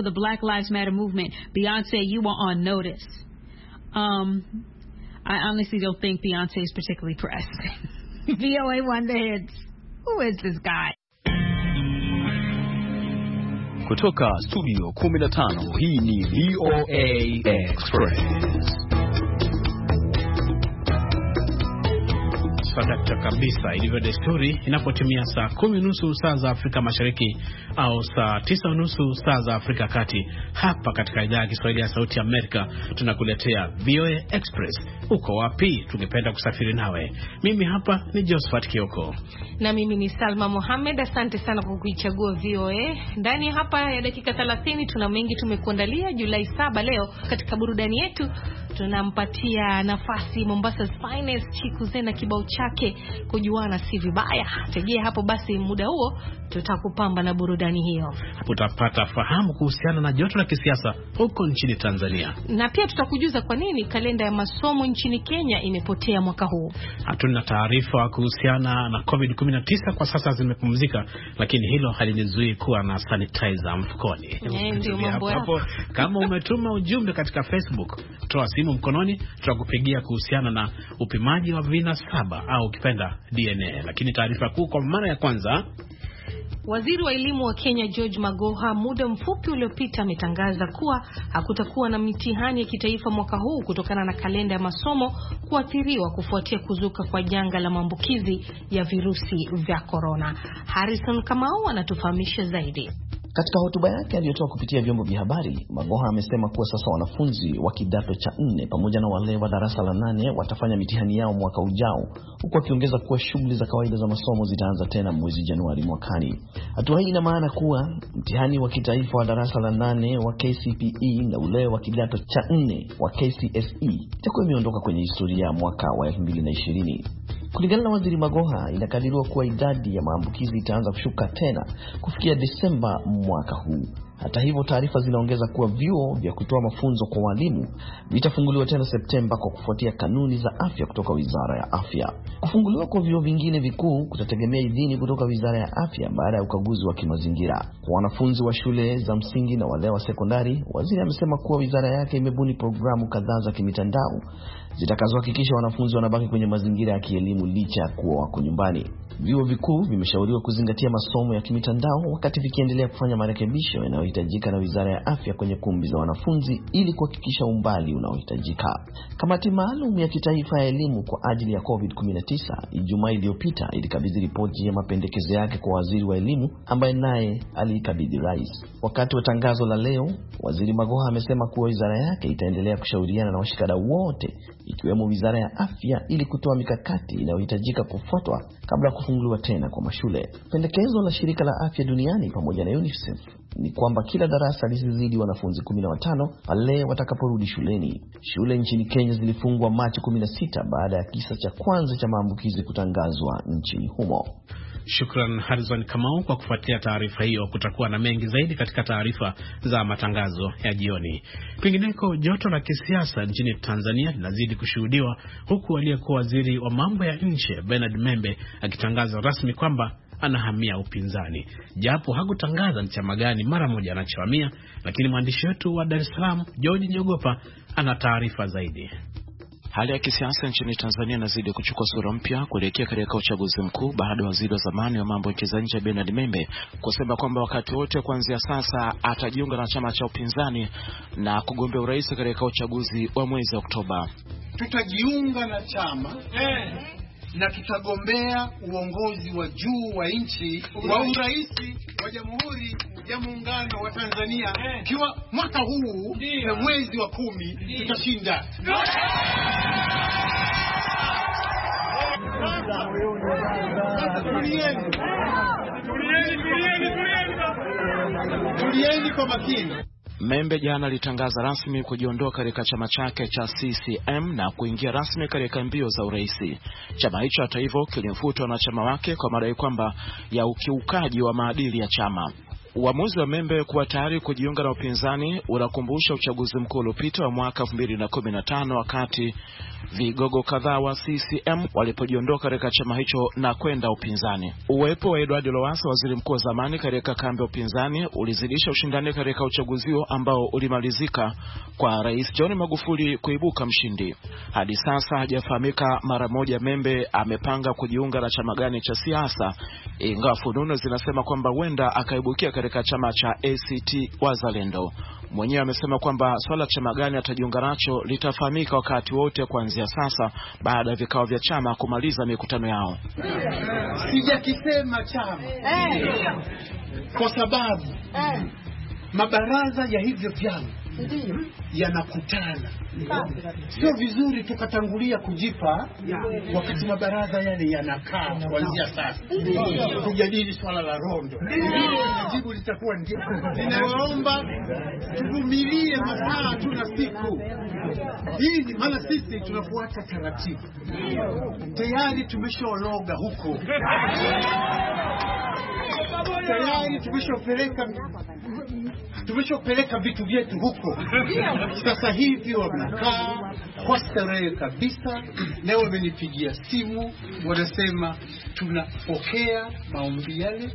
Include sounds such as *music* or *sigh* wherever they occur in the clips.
for the Black Lives Matter movement, Beyonce, you are on notice. Um, I honestly don't think Beyonce is particularly pressed. *laughs* VOA won the hits. Who is this guy? Kutoka studio 15 ni VOA Express. Mwafaka kabisa ilivyo desturi, inapotimia saa kumi nusu saa za Afrika Mashariki au saa tisa nusu saa za Afrika Kati, hapa katika idhaa ya Kiswahili ya Sauti Amerika tunakuletea VOA Express. Uko wapi? Tungependa kusafiri nawe. Mimi hapa ni josphat Kioko na mimi ni Salma Mohamed. Asante sana kwa kuichagua VOA. Ndani hapa ya dakika thelathini tuna mengi tumekuandalia. Julai saba leo katika burudani yetu tunampatia nafasi Mombasa Spines Chiku kibao chake zake kujuana si vibaya. Tegea hapo basi, muda huo tutakupamba na burudani hiyo. Utapata fahamu kuhusiana na joto la kisiasa huko nchini Tanzania, na pia tutakujuza kwa nini kalenda ya masomo nchini Kenya imepotea mwaka huu. Hatuna taarifa kuhusiana na COVID-19 kwa sasa, zimepumzika, lakini hilo halinizuii kuwa na sanitizer mfukoni. Eh, kama umetuma ujumbe katika Facebook, toa simu mkononi, tutakupigia kuhusiana na upimaji wa vina saba au ukipenda DNA. Lakini taarifa kuu kwa mara ya kwanza Waziri wa elimu wa Kenya George Magoha muda mfupi uliopita ametangaza kuwa hakutakuwa na mitihani ya kitaifa mwaka huu kutokana na kalenda ya masomo kuathiriwa kufuatia kuzuka kwa janga la maambukizi ya virusi vya korona. Harrison Kamau anatufahamisha zaidi. Katika hotuba yake aliyotoa kupitia vyombo vya habari, Magoha amesema kuwa sasa wanafunzi wa kidato cha nne pamoja na wale wa darasa la nane watafanya mitihani yao mwaka ujao, huku akiongeza kuwa shughuli za kawaida za masomo zitaanza tena mwezi Januari mwakani. Hatua hii ina maana kuwa mtihani wa kitaifa wa darasa la nane wa KCPE na ule wa kidato cha nne wa KCSE itakuwa imeondoka kwenye historia ya mwaka wa 2020. Kulingana na waziri Magoha, inakadiriwa kuwa idadi ya maambukizi itaanza kushuka tena kufikia Desemba mwaka huu. Hata hivyo, taarifa zinaongeza kuwa vyuo vya kutoa mafunzo kwa walimu vitafunguliwa tena Septemba kwa kufuatia kanuni za afya kutoka wizara ya afya. Kufunguliwa kwa vyuo vingine vikuu kutategemea idhini kutoka wizara ya afya baada ya ukaguzi wa kimazingira. Kwa wanafunzi wa shule za msingi na wale wa sekondari, waziri amesema kuwa wizara yake imebuni programu kadhaa za kimitandao zitakazohakikisha wanafunzi wanabaki kwenye mazingira ya kielimu licha ya kuwa wako nyumbani. Vyuo vikuu vimeshauriwa kuzingatia masomo ya kimitandao wakati vikiendelea kufanya marekebisho yanayohitajika na Wizara ya Afya kwenye kumbi za wanafunzi ili kuhakikisha umbali unaohitajika. Kamati maalum ya kitaifa ya elimu kwa ajili ya COVID-19 Ijumaa iliyopita ilikabidhi ripoti ya mapendekezo yake kwa waziri wa elimu ambaye naye aliikabidhi rais. Wakati wa tangazo la leo, Waziri Magoha amesema kuwa wizara yake itaendelea kushauriana na washikadau wote ikiwemo wizara ya afya ili kutoa mikakati inayohitajika kufuatwa kabla ya kufunguliwa tena kwa mashule. Pendekezo la shirika la afya duniani pamoja na UNICEF ni kwamba kila darasa lisizidi wanafunzi 15 na pale watakaporudi shuleni. Shule nchini Kenya zilifungwa Machi 16 baada ya kisa cha kwanza cha maambukizi kutangazwa nchini humo. Shukran Harrison Kamau kwa kufuatia taarifa hiyo. Kutakuwa na mengi zaidi katika taarifa za matangazo ya jioni. Kwingineko, joto la kisiasa nchini Tanzania linazidi kushuhudiwa huku aliyekuwa waziri wa mambo ya nje Bernard Membe akitangaza rasmi kwamba anahamia upinzani, japo hakutangaza ni chama gani mara moja anachohamia. Lakini mwandishi wetu wa Dar es Salaam George Njogopa ana taarifa zaidi. Hali ya kisiasa nchini Tanzania inazidi kuchukua sura mpya kuelekea katika uchaguzi mkuu baada ya waziri wa zamani wa mambo ya nchi za nje Bernard Membe kusema kwamba wakati wote kuanzia sasa atajiunga na chama cha upinzani na kugombea urais katika uchaguzi wa mwezi Oktoba. Tutajiunga na chama eh, na kitagombea uongozi wa juu wa nchi wa urais wa Jamhuri ya Muungano wa Tanzania eh. ikiwa eh, mwaka huu na mwezi wa kumi tutashinda. Tulieni kwa makini. Membe jana alitangaza rasmi kujiondoa katika chama chake cha CCM na kuingia rasmi katika mbio za urais. Chama hicho hata hivyo kilimfuta wanachama wake kwa madai kwamba ya ukiukaji wa maadili ya chama. Uamuzi wa Membe kuwa tayari kujiunga na upinzani unakumbusha uchaguzi mkuu uliopita wa mwaka 2015 wakati vigogo kadhaa wa CCM walipojiondoka katika chama hicho na kwenda upinzani. Uwepo wa Edward Lowassa, waziri mkuu wa zamani, katika kambi ya upinzani ulizidisha ushindani katika uchaguzi huo ambao ulimalizika kwa Rais John Magufuli kuibuka mshindi. Hadi sasa hajafahamika mara moja Membe amepanga kujiunga na chama gani cha siasa, ingawa fununu zinasema kwamba huenda akaibukia katika chama cha ACT Wazalendo. Mwenyewe amesema kwamba swala chama gani atajiunga nacho litafahamika wakati wote kuanzia sasa, baada ya vikao vya chama kumaliza mikutano yao. Sijakisema chama eh. kwa sababu eh. mabaraza ya hivyo vyama yanakutana. Sio vizuri tukatangulia kujipa wakati mabaraza yale yanakaa kuanzia sasa kujadili swala la Rondo. Jibu litakuwa ndio. *laughs* Ninaomba tuvumilie masaa, na siku hii, maana sisi tunafuata taratibu, tayari tumeshaologa huko, *laughs* tayari tumeshapeleka tumeshopeleka vitu vyetu huko. Sasa hivi wamekaa kwa starehe kabisa. Leo wamenipigia simu, wanasema tunapokea maombi yale.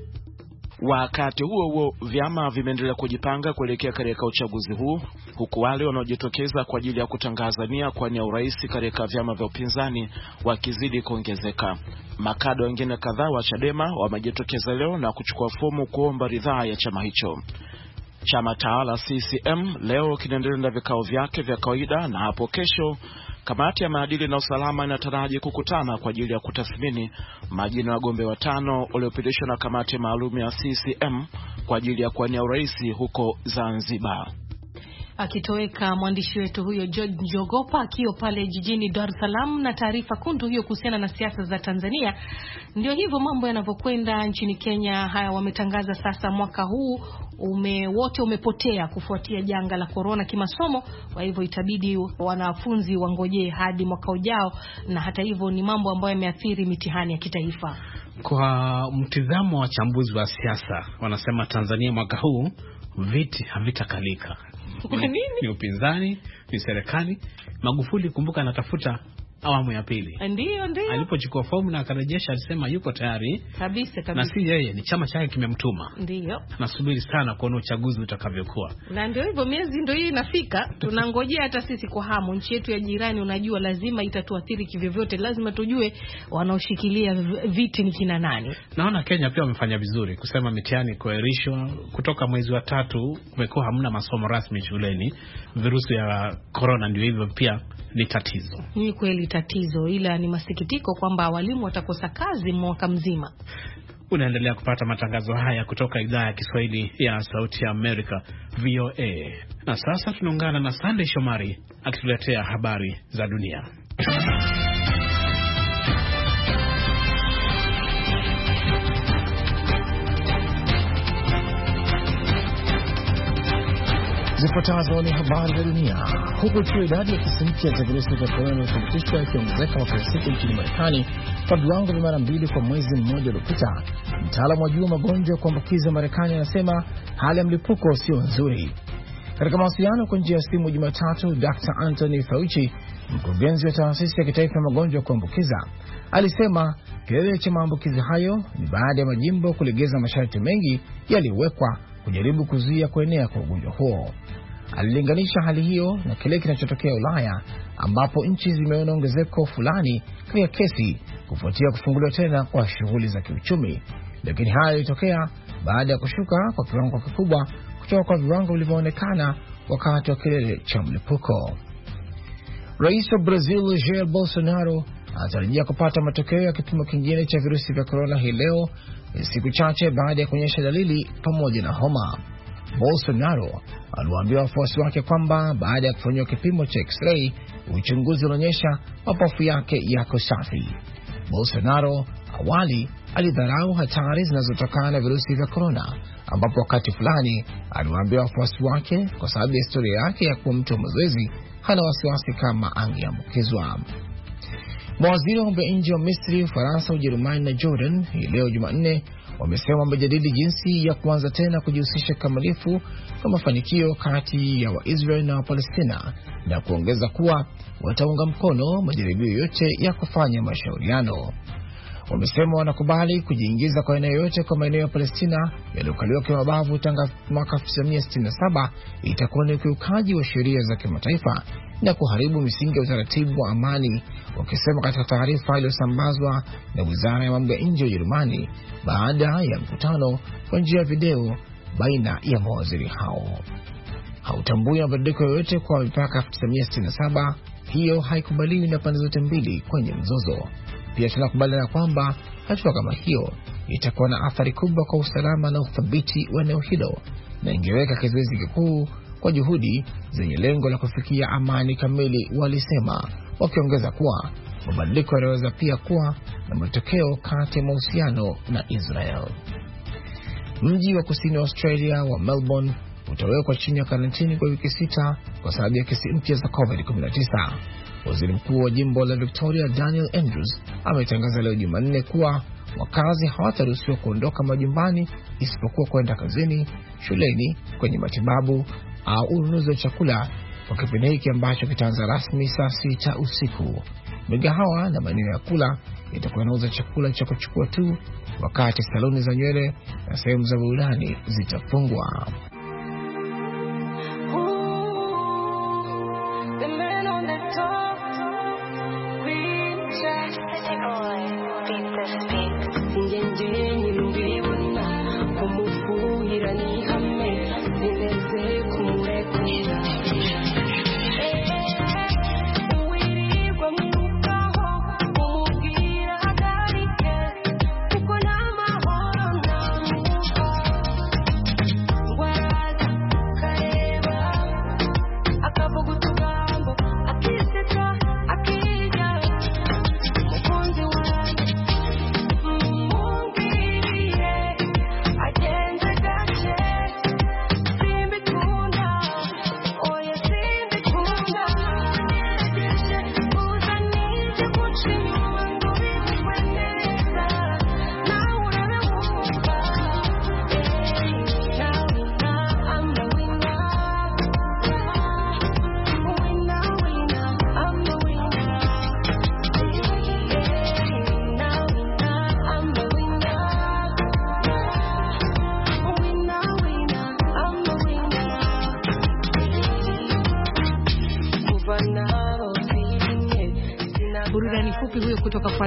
Wakati huo huo, vyama vimeendelea kujipanga kuelekea katika uchaguzi huu, huku wale wanaojitokeza kwa ajili ya kutangaza nia kwa nia urais katika vyama vya upinzani wakizidi kuongezeka. Makada wengine kadhaa wa Chadema wamejitokeza leo na kuchukua fomu kuomba ridhaa ya chama hicho. Chama tawala CCM leo kinaendelea na vikao vyake vya kawaida, na hapo kesho kamati ya maadili na usalama inataraji kukutana kwa ajili ya kutathmini majina ya wagombea watano waliopitishwa na kamati maalum ya CCM kwa ajili ya kuwania urais huko Zanzibar akitoweka mwandishi wetu huyo George Njogopa akiwa pale jijini Dar es Salaam na taarifa kundu hiyo kuhusiana na siasa za Tanzania. Ndio hivyo mambo yanavyokwenda nchini Kenya. Haya, wametangaza sasa mwaka huu ume wote umepotea kufuatia janga la korona kimasomo, kwa hivyo itabidi wanafunzi wangojee hadi mwaka ujao, na hata hivyo ni mambo ambayo yameathiri mitihani ya kitaifa. Kwa mtizamo wa wachambuzi wa siasa, wanasema Tanzania mwaka huu viti havitakalika kwa nini? Ni upinzani, ni serikali. Magufuli kumbuka, anatafuta awamu ya pili. Ndio, ndio, alipochukua fomu na akarejesha, alisema yuko tayari kabisa kabisa, na si yeye, ni chama chake kimemtuma. Ndio, nasubiri sana kuona uchaguzi utakavyokuwa, na ndio hivyo, miezi ndio hii inafika, tunangojea hata sisi kwa hamu. Nchi yetu ya jirani, unajua, lazima itatuathiri kivyovyote, lazima tujue wanaoshikilia viti ni kina nani. Naona Kenya pia wamefanya vizuri kusema mitihani kuahirishwa kutoka mwezi wa tatu, kumekuwa hamna masomo rasmi shuleni. Virusi ya korona ndio hivyo, pia ni tatizo, ni kweli tatizo, ila ni masikitiko kwamba walimu watakosa kazi mwaka mzima. Unaendelea kupata matangazo haya kutoka idhaa ya Kiswahili ya Sauti ya Amerika, VOA. Na sasa tunaungana na Sandey Shomari akituletea habari za dunia. Zifuatazo ni habari za dunia. Huku ikiwa idadi ya kesi mpya za virusi vya korona inathibitishwa ikiongezeka kwa kila siku nchini Marekani kwa viwango vya mara mbili kwa mwezi mmoja uliopita, mtaalamu wa juu wa magonjwa ya kuambukiza Marekani anasema hali ya mlipuko sio nzuri. Katika mawasiliano kwa njia ya simu Jumatatu, Dr Anthony Fauci, mkurugenzi wa taasisi ya kitaifa ya magonjwa ya kuambukiza, alisema kilele cha maambukizi hayo ni baada ya majimbo kulegeza masharti mengi yaliyowekwa kujaribu kuzuia kuenea kwa ugonjwa huo. Alilinganisha hali hiyo na kile kinachotokea Ulaya ambapo nchi zimeona ongezeko fulani katika kesi kufuatia kufunguliwa tena kwa shughuli za kiuchumi, lakini haya yalitokea baada ya kushuka kwa kiwango kikubwa kutoka kwa viwango vilivyoonekana wakati wa kilele cha mlipuko. Rais wa Brazil Jair Bolsonaro anatarajia kupata matokeo ya kipimo kingine cha virusi vya korona hii leo siku chache baada ya kuonyesha dalili pamoja na homa. Bolsonaro aliwaambia wafuasi wake kwamba baada ya kufanyiwa kipimo cha X-ray uchunguzi unaonyesha mapafu yake yako safi. Bolsonaro awali alidharau hatari zinazotokana na virusi vya korona, ambapo wakati fulani aliwaambia wafuasi wake kwa sababu ya historia yake ya kuwa mtu wa mazoezi hana wasiwasi kama angeambukizwa. Mawaziri wa mambo ya nje wa Misri, Ufaransa, Ujerumani na Jordan hii leo Jumanne wamesema wamejadili jinsi ya kuanza tena kujihusisha kikamilifu kwa mafanikio kati ya Waisrael na Wapalestina na kuongeza kuwa wataunga mkono majaribio yote ya kufanya mashauriano wamesema wanakubali kujiingiza kwa eneo yote kwa maeneo ya Palestina yaliyokaliwa kimabavu tangu mwaka 1967 itakuwa ni ukiukaji wa sheria za kimataifa na kuharibu misingi ya utaratibu wa amani, wakisema katika taarifa iliyosambazwa na wizara ya mambo ya nje ya Ujerumani baada ya mkutano kwa njia ya video baina ya mawaziri hao. Hautambui mabadiliko yoyote kwa mipaka 1967, hiyo haikubaliwi na pande zote mbili kwenye mzozo. Pia tunakubaliana kwamba hatua kama hiyo itakuwa na athari kubwa kwa usalama na uthabiti wa eneo hilo na ingeweka kizuizi kikuu kwa juhudi zenye lengo la kufikia amani kamili, walisema, wakiongeza kuwa mabadiliko yanaweza pia kuwa na matokeo kati ya mahusiano na Israel. Mji wa kusini wa Australia wa Melbourne utawekwa chini ya karantini kwa wiki sita kwa sababu ya kesi mpya za COVID-19. Waziri mkuu wa jimbo la Victoria Daniel Andrews ametangaza leo Jumanne kuwa wakazi hawataruhusiwa kuondoka majumbani isipokuwa kwenda kazini, shuleni, kwenye matibabu au ununuzi wa chakula kwa kipindi hiki ambacho kitaanza rasmi saa sita usiku. Migahawa na maeneo ya kula itakuwa inauza chakula cha kuchukua tu, wakati saluni za nywele na sehemu za burudani zitafungwa.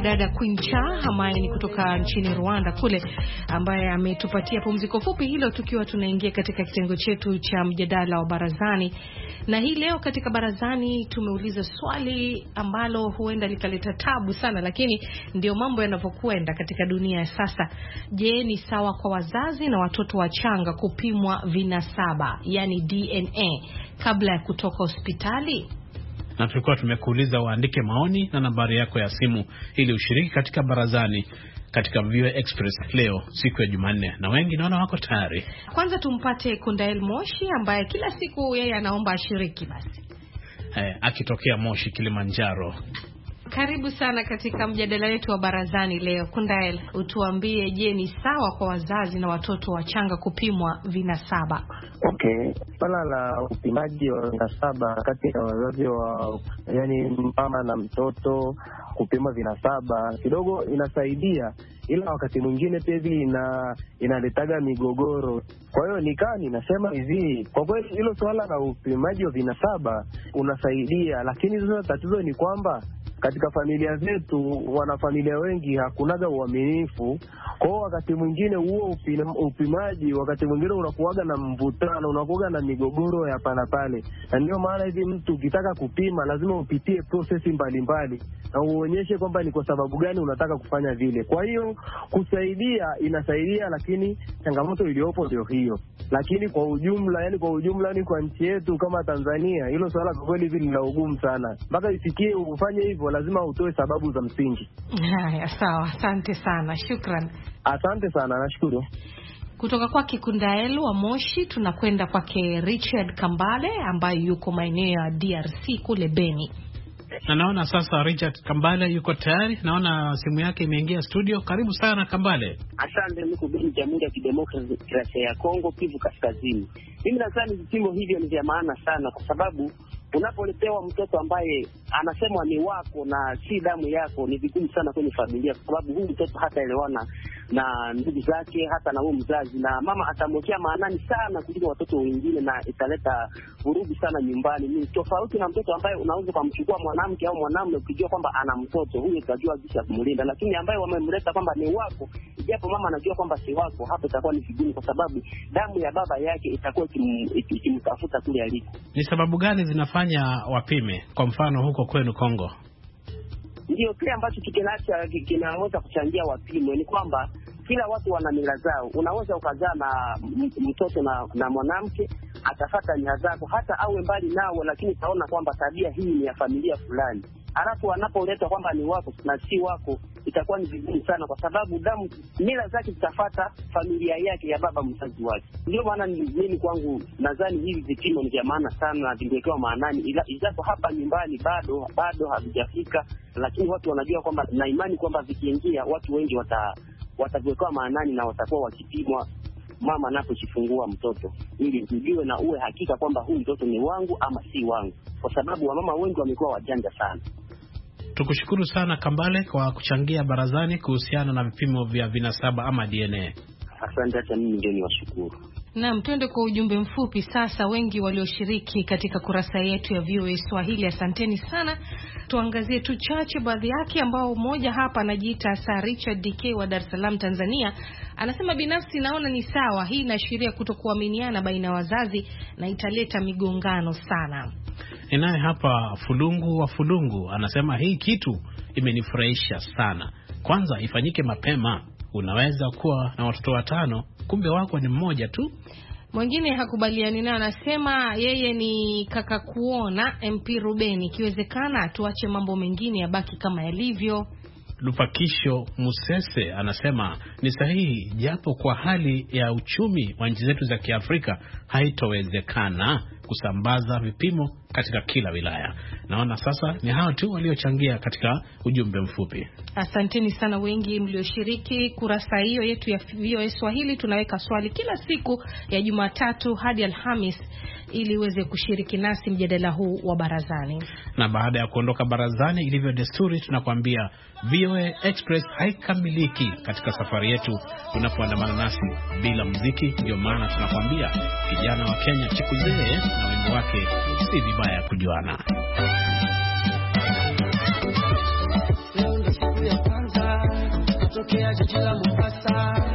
mwanadada Queen Cha ambaye ni kutoka nchini Rwanda kule, ambaye ametupatia pumziko fupi hilo, tukiwa tunaingia katika kitengo chetu cha mjadala wa barazani. Na hii leo katika barazani tumeuliza swali ambalo huenda likaleta tabu sana, lakini ndio mambo yanavyokwenda katika dunia ya sasa. Je, ni sawa kwa wazazi na watoto wachanga kupimwa vinasaba, yani DNA kabla ya kutoka hospitali? na tulikuwa tumekuuliza waandike maoni na nambari yako ya simu ili ushiriki katika barazani katika VOA Express leo siku ya Jumanne, na wengi naona wako tayari. Kwanza tumpate Kundael Moshi ambaye kila siku yeye anaomba ashiriki. Basi eh, akitokea Moshi Kilimanjaro. Karibu sana katika mjadala wetu wa barazani leo. Kundael, utuambie, je, ni sawa kwa wazazi na watoto wachanga kupimwa vinasaba? Okay, swala la upimaji wa vinasaba kati ya wazazi wa yani mama na mtoto kupimwa vinasaba kidogo inasaidia, ila wakati mwingine pia hivi ina inaletaga migogoro. Kwa hiyo nikaa ninasema hivi, kwa kweli hilo swala la upimaji wa vinasaba unasaidia, lakini sasa tatizo ni kwamba katika familia zetu, wanafamilia wengi hakunaga uaminifu kwao. Wakati mwingine huo upimaji, wakati mwingine unakuwaga na mvutano, unakuwaga na migogoro ya pana pale, na ndio maana hivi mtu ukitaka kupima lazima upitie prosesi mbalimbali na uonyeshe kwamba ni kwa sababu gani unataka kufanya vile. Kwa hiyo kusaidia inasaidia, lakini changamoto iliyopo ndio hiyo. Lakini kwa ujumla, yani kwa ujumla ni kwa nchi yetu kama Tanzania, hilo swala kwa kweli hivi la ugumu sana, mpaka isikie ufanye hivyo hivyo lazima utoe sababu za msingi. Haya, sawa, asante sana, shukran. Asante sana, nashukuru. Kutoka kwake Kundael wa Moshi tunakwenda kwake Richard Kambale ambaye yuko maeneo ya DRC kule Beni. Na naona sasa Richard Kambale yuko tayari, naona simu yake imeingia studio. Karibu sana Kambale. Asante. Niko Beni, Jamhuri ya Kidemokrasia ya Kongo, Kivu Kaskazini. Mimi nadhani vipimo hivyo ni vya maana sana, kwa sababu unapoletewa mtoto ambaye anasemwa ni wako na si damu yako, ni vigumu sana kwenye familia, kwa sababu huyu mtoto hataelewana na ndugu zake, hata na huyu mzazi, na mama atamwekea maanani sana kuliko watoto wengine, na italeta vurugu sana nyumbani. Ni tofauti na mtoto ambaye unaweza ukamchukua mwanamke au mwanamume, ukijua kwamba ana mtoto huyo, utajua jinsi ya kumlinda, lakini ambaye wamemleta kwamba ni wako, ijapo mama anajua kwamba si wako, hapo itakuwa ni vigumu, kwa sababu damu ya baba yake itakuwa ikimtafuta kule aliko. Ni sababu gani zinafanya kuwafanya wapime, kwa mfano huko kwenu Kongo? Ndio kile ambacho kikinacha kinaweza kuchangia wapimwe ni kwamba kila watu wana mila zao. Unaweza ukazaa na mtoto na, na mwanamke atafata mila zako, hata awe mbali nao, lakini utaona kwamba tabia hii ni ya familia fulani halafu anapoletwa kwamba ni wako na si wako, itakuwa ni vigumu sana, kwa sababu damu mila zake zitafata familia yake ya baba mzazi wake. Ndio maana mimi kwangu nadhani hivi vipimo ni vya maana sana na vingewekewa maanani, ijapo hapa nyumbani bado bado havijafika, lakini watu wanajua kwamba na imani kwamba vikiingia watu wengi wata wataviwekewa maanani na watakuwa wakipimwa mama anapojifungua mtoto ili ujue na uwe hakika kwamba huu mtoto ni wangu ama si wangu, kwa sababu wamama wengi wamekuwa wajanja sana. Tukushukuru sana Kambale kwa kuchangia barazani kuhusiana na vipimo vya vinasaba ama DNA. Asante, hata mimi ndio niwashukuru. Naam, twende kwa ujumbe mfupi sasa. Wengi walioshiriki katika kurasa yetu ya VOA Swahili, asanteni sana. Tuangazie tu chache baadhi yake, ambao mmoja hapa anajiita Sir Richard DK wa Dar es Salaam, Tanzania, anasema binafsi naona ni sawa, hii inaashiria kutokuaminiana baina ya wazazi na italeta migongano sana. Ninaye hapa Fulungu wa Fulungu, anasema hii kitu imenifurahisha sana. Kwanza ifanyike mapema, unaweza kuwa na watoto watano, kumbe wako ni mmoja tu. Mwingine hakubaliani naye, anasema yeye ni kaka kuona MP Ruben, ikiwezekana tuache mambo mengine yabaki kama yalivyo. Lupakisho Musese anasema ni sahihi, japo kwa hali ya uchumi wa nchi zetu za Kiafrika haitowezekana kusambaza vipimo katika kila wilaya. Naona sasa ni hao tu waliochangia katika ujumbe mfupi. Asanteni sana wengi mlioshiriki. Kurasa hiyo yetu ya VOA Swahili tunaweka swali kila siku ya Jumatatu hadi Alhamis ili uweze kushiriki nasi mjadala huu wa barazani. Na baada ya kuondoka barazani, ilivyo desturi, tunakuambia VOA Express haikamiliki katika safari yetu tunapoandamana nasi bila muziki. Ndio maana tunakuambia kijana wa Kenya, chikuzee na wimbo wake si vibaya kujuana. Leo siku ya kwanza kutokea jiji la Mombasa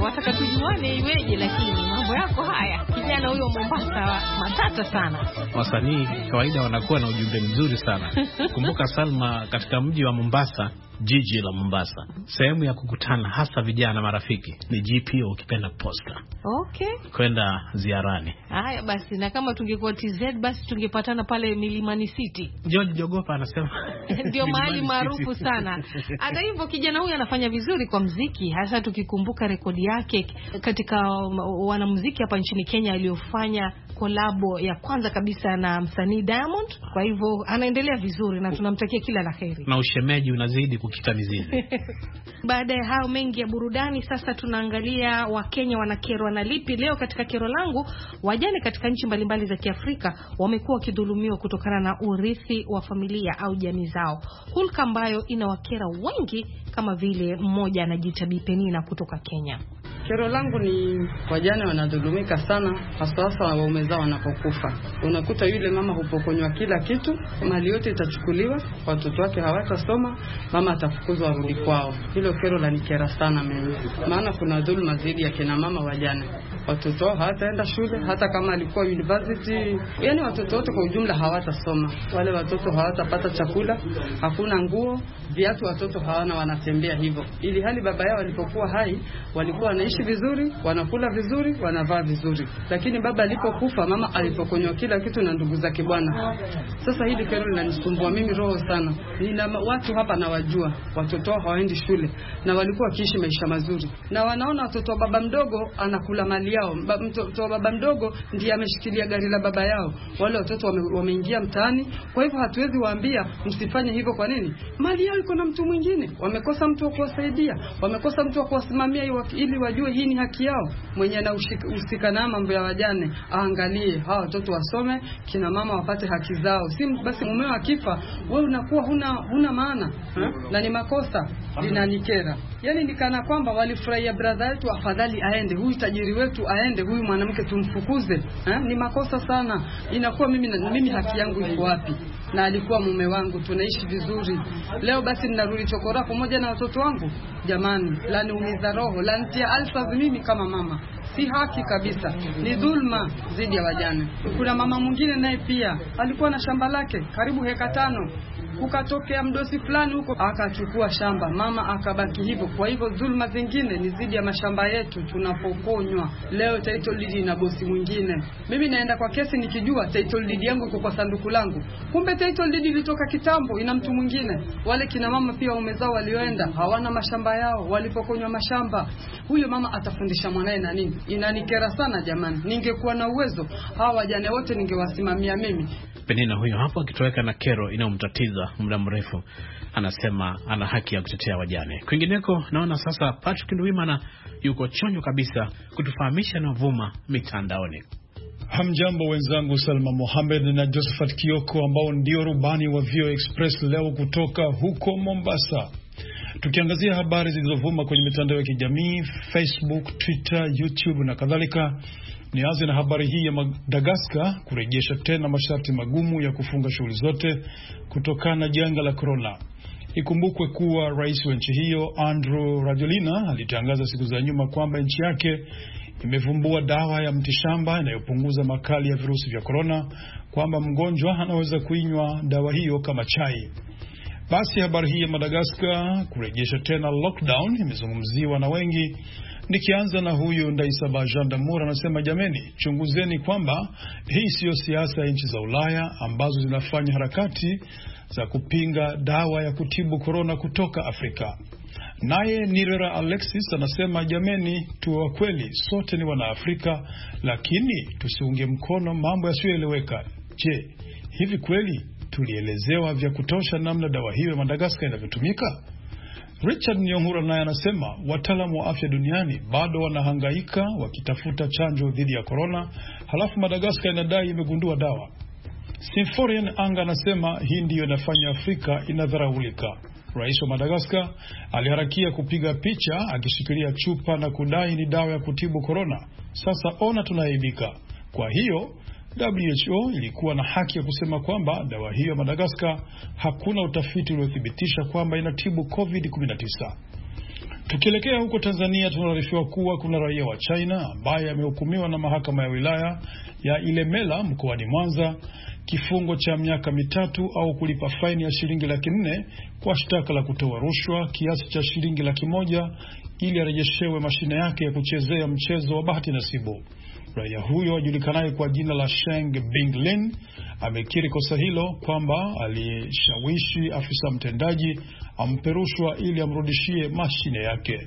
wataka tujuane iweje, lakini mambo yako haya, kijana huyo Mombasa matata sana. Wasanii kawaida wanakuwa na ujumbe mzuri sana. *laughs* Kumbuka Salma, katika mji wa Mombasa jiji la Mombasa. Sehemu ya kukutana hasa vijana marafiki ni GPO, ukipenda posta. Okay, kwenda ziarani. Haya basi, na kama tungekuwa TZ basi tungepatana pale Milimani City. George Jogopa anasema *laughs* ndio mahali maarufu sana. Hata hivyo, kijana huyu anafanya vizuri kwa mziki, hasa tukikumbuka rekodi yake katika um, wanamuziki hapa nchini Kenya aliyofanya kolabo ya kwanza kabisa na msanii Diamond. Kwa hivyo anaendelea vizuri na tunamtakia kila la heri na ushemeji unazidi kukita mizizi. *laughs* Baada ya hayo mengi ya burudani, sasa tunaangalia Wakenya wanakerwa na lipi leo. Katika kero langu, wajane katika nchi mbalimbali za Kiafrika wamekuwa wakidhulumiwa kutokana na urithi wa familia au jamii zao, hulka ambayo inawakera wengi, kama vile mmoja anajiita Bi Penina kutoka Kenya. Kero langu ni wajane wanadhulumika sana, hasa hasa waume zao wanapokufa. Unakuta yule mama hupokonywa kila kitu, mali yote itachukuliwa, watoto wake hawatasoma, mama atafukuzwa arudi kwao. Hilo kero lanikera sana mimi, maana kuna dhuluma dhidi ya kina mama wajane watoto hawataenda shule, hata kama alikuwa university. Yani watoto wote kwa ujumla hawatasoma, wale watoto hawatapata chakula, hakuna nguo, viatu, watoto hawana, wanatembea hivyo, ili hali baba yao walipokuwa hai walikuwa wanaishi vizuri, wanakula vizuri, wanavaa vizuri, lakini baba alipokufa, mama alipokonywa kila kitu na ndugu zake bwana. Sasa hili kero linanisumbua mimi roho sana. Nina watu hapa nawajua, watoto hawaendi shule na walikuwa wakiishi maisha mazuri, na wanaona watoto wa baba mdogo anakula mali yao. Mtoto wa baba mdogo ndiye ameshikilia gari la baba yao, wale watoto wameingia wame mtaani. Kwa hivyo hatuwezi waambia msifanye hivyo. Kwa nini? Mali yao iko na mtu mwingine, wamekosa mtu wa kuwasaidia, wamekosa mtu wa kuwasimamia ili wajue hii ni haki yao. Mwenye anahusika na mambo ya wajane aangalie hawa watoto wasome, kina mama wapate haki zao. Si basi mumeo akifa, wewe unakuwa huna huna maana ha? na ni makosa, linanikera yani nikana kwamba walifurahia bradha yetu, afadhali aende huyu tajiri wetu aende, huyu mwanamke tumfukuze ha? Ni makosa sana. Inakuwa mimi, mimi haki yangu iko wapi? Na alikuwa mume wangu, tunaishi vizuri. Leo basi ninarudi chokora pamoja na watoto wangu. Jamani, laniumiza roho, lanitia alfa mimi kama mama Si haki kabisa, ni dhulma dhidi ya wajane. Kuna mama mwingine naye pia alikuwa na shamba lake karibu heka tano, kukatokea mdosi fulani huko akachukua shamba, mama akabaki hivyo. Kwa hivyo dhulma zingine ni dhidi ya mashamba yetu tunapokonywa. Leo title deed ina bosi mwingine. Mimi naenda kwa kesi nikijua title deed yangu iko kwa sanduku langu, kumbe title deed ilitoka kitambo, ina mtu mwingine. Wale kina mama pia wamezao walioenda hawana mashamba yao, walipokonywa mashamba. Huyo mama atafundisha mwanae na nini? Inanikera sana jamani, ningekuwa na uwezo hawa wajane wote ningewasimamia mimi. Penina huyo hapo akitoweka na kero inayomtatiza muda mrefu, anasema ana haki ya kutetea wajane. Kwingineko naona sasa Patrick Ndwimana yuko chonjo kabisa kutufahamisha na vuma mitandaoni. Hamjambo wenzangu, Salma Mohamed na Josephat Kioko ambao ndio rubani wa VOA Express leo kutoka huko Mombasa, tukiangazia habari zilizovuma kwenye mitandao ya kijamii Facebook, Twitter, YouTube na kadhalika. Nianze na habari hii ya Madagaskar kurejesha tena masharti magumu ya kufunga shughuli zote kutokana na janga la korona. Ikumbukwe kuwa rais wa nchi hiyo Andrew Rajoelina alitangaza siku za nyuma kwamba nchi yake imevumbua dawa ya mtishamba inayopunguza makali ya virusi vya korona, kwamba mgonjwa anaweza kuinywa dawa hiyo kama chai. Basi habari hii ya Madagaskar kurejesha tena lockdown imezungumziwa na wengi Nikianza na huyu Ndaisaba Jean Damour anasema, jameni, chunguzeni kwamba hii siyo siasa ya nchi za Ulaya ambazo zinafanya harakati za kupinga dawa ya kutibu korona kutoka Afrika. Naye Nirera Alexis anasema, jameni, tuwe kweli, sote ni Wanaafrika, lakini tusiunge mkono mambo yasiyoeleweka. Je, hivi kweli tulielezewa vya kutosha namna dawa hiyo ya Madagaskar inavyotumika? Richard Nyong'ura naye anasema wataalamu wa afya duniani bado wanahangaika wakitafuta chanjo dhidi ya korona, halafu Madagaskar inadai imegundua dawa. Symphorian Anga anasema hii ndiyo inafanya Afrika inadharaulika. Rais wa Madagaskar aliharakia kupiga picha akishikilia chupa na kudai ni dawa ya kutibu korona. Sasa ona tunaaibika. Kwa hiyo WHO ilikuwa na haki ya kusema kwamba dawa hiyo ya Madagaskar hakuna utafiti uliothibitisha kwamba inatibu COVID-19. Tukielekea huko Tanzania, tunaarifiwa kuwa kuna raia wa China ambaye amehukumiwa na mahakama ya wilaya ya Ilemela mkoani Mwanza kifungo cha miaka mitatu au kulipa faini ya shilingi laki nne kwa shtaka la kutoa rushwa kiasi cha shilingi laki moja ili arejeshewe mashine yake ya kuchezea mchezo wa bahati nasibu. Raia huyo ajulikanaye kwa jina la Sheng Binglin amekiri kosa hilo kwamba alishawishi afisa mtendaji ampe rushwa ili amrudishie mashine yake.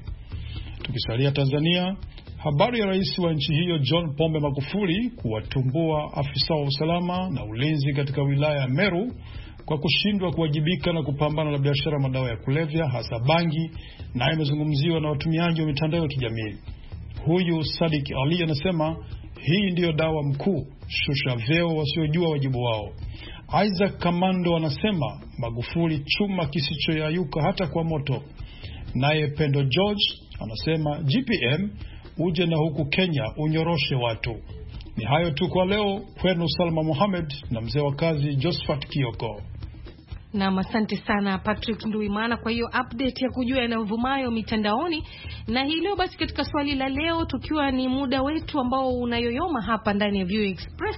Tukisalia Tanzania, habari ya rais wa nchi hiyo John Pombe Magufuli kuwatumbua afisa wa usalama na ulinzi katika wilaya ya Meru kwa kushindwa kuwajibika na kupambana na biashara ya madawa ya kulevya hasa bangi, naye amezungumziwa na watumiaji wa mitandao ya kijamii. Huyu Sadik Ali anasema hii ndiyo dawa mkuu, shusha vyeo wasiojua wajibu wao. Isaac Kamando anasema Magufuli chuma kisichoyayuka hata kwa moto. Naye Pendo George anasema GPM uje na huku Kenya unyoroshe watu. Ni hayo tu kwa leo. Kwenu Salma Mohamed na mzee wa kazi Josephat Kioko. Nam, asante sana Patrick Nduimana kwa hiyo update ya kujua yanayovumayo mitandaoni. Na hii leo basi, katika swali la leo, tukiwa ni muda wetu ambao unayoyoma hapa ndani ya View Express,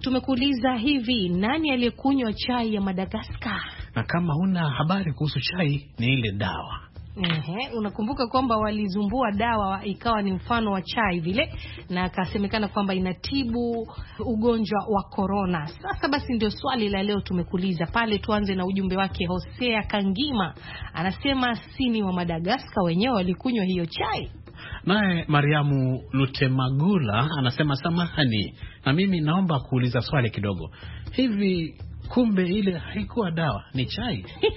tumekuuliza hivi, nani aliyekunywa chai ya Madagaskar? Na kama huna habari kuhusu chai, ni ile dawa Ehe, unakumbuka kwamba walizumbua dawa ikawa ni mfano wa chai vile, na akasemekana kwamba inatibu ugonjwa wa korona. Sasa basi, ndio swali la leo tumekuuliza pale. Tuanze na ujumbe wake Hosea Kangima, anasema sini wa Madagaskar wenyewe walikunywa hiyo chai. Naye Mariamu Lutemagula anasema samahani, na mimi naomba kuuliza swali kidogo hivi, kumbe ile haikuwa dawa, ni chai? *laughs*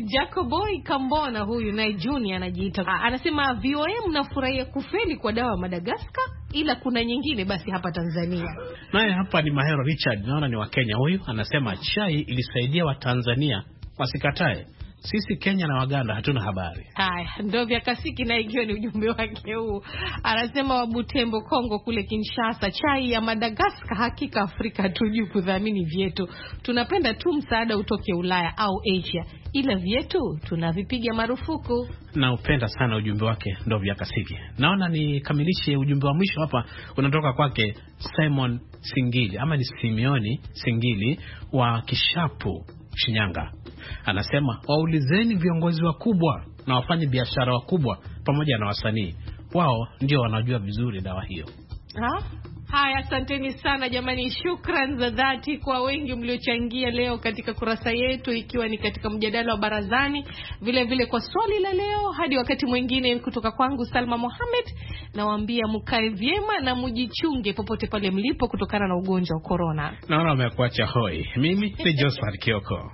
Jacoboi Kambona huyu naye Juni anajiita anasema, VOA mnafurahia kufeli kwa dawa Madagaskar, ila kuna nyingine basi hapa Tanzania. Naye hapa ni Mahero Richard, naona ni Wakenya huyu, anasema chai ilisaidia Watanzania wasikatae sisi Kenya na Waganda hatuna habari. Haya ndo vya kasiki, na ikiwa ni ujumbe wake huu, anasema wa Butembo, Kongo kule Kinshasa, chai ya Madagaskar. Hakika Afrika hatujui kudhamini vyetu, tunapenda tu msaada utoke Ulaya au Asia, ila vyetu tunavipiga marufuku. Naupenda sana ujumbe wake, ndo vya kasiki. Naona nikamilishe ujumbe wa mwisho hapa, unatoka kwake Simon Singili ama ni Simioni Singili wa Kishapu Shinyanga. Anasema waulizeni viongozi wakubwa na wafanye biashara wakubwa pamoja na wasanii, wao ndio wanajua vizuri dawa hiyo ha? Haya, asanteni sana jamani, shukran za dhati kwa wengi mliochangia leo katika kurasa yetu, ikiwa ni katika mjadala wa barazani, vile vile kwa swali la leo. Hadi wakati mwingine, kutoka kwangu Salma Mohamed, nawaambia mkae vyema na mujichunge popote pale mlipo kutokana na ugonjwa wa korona. Naona wamekuacha hoi. Mimi ni *laughs* Josephat Kioko.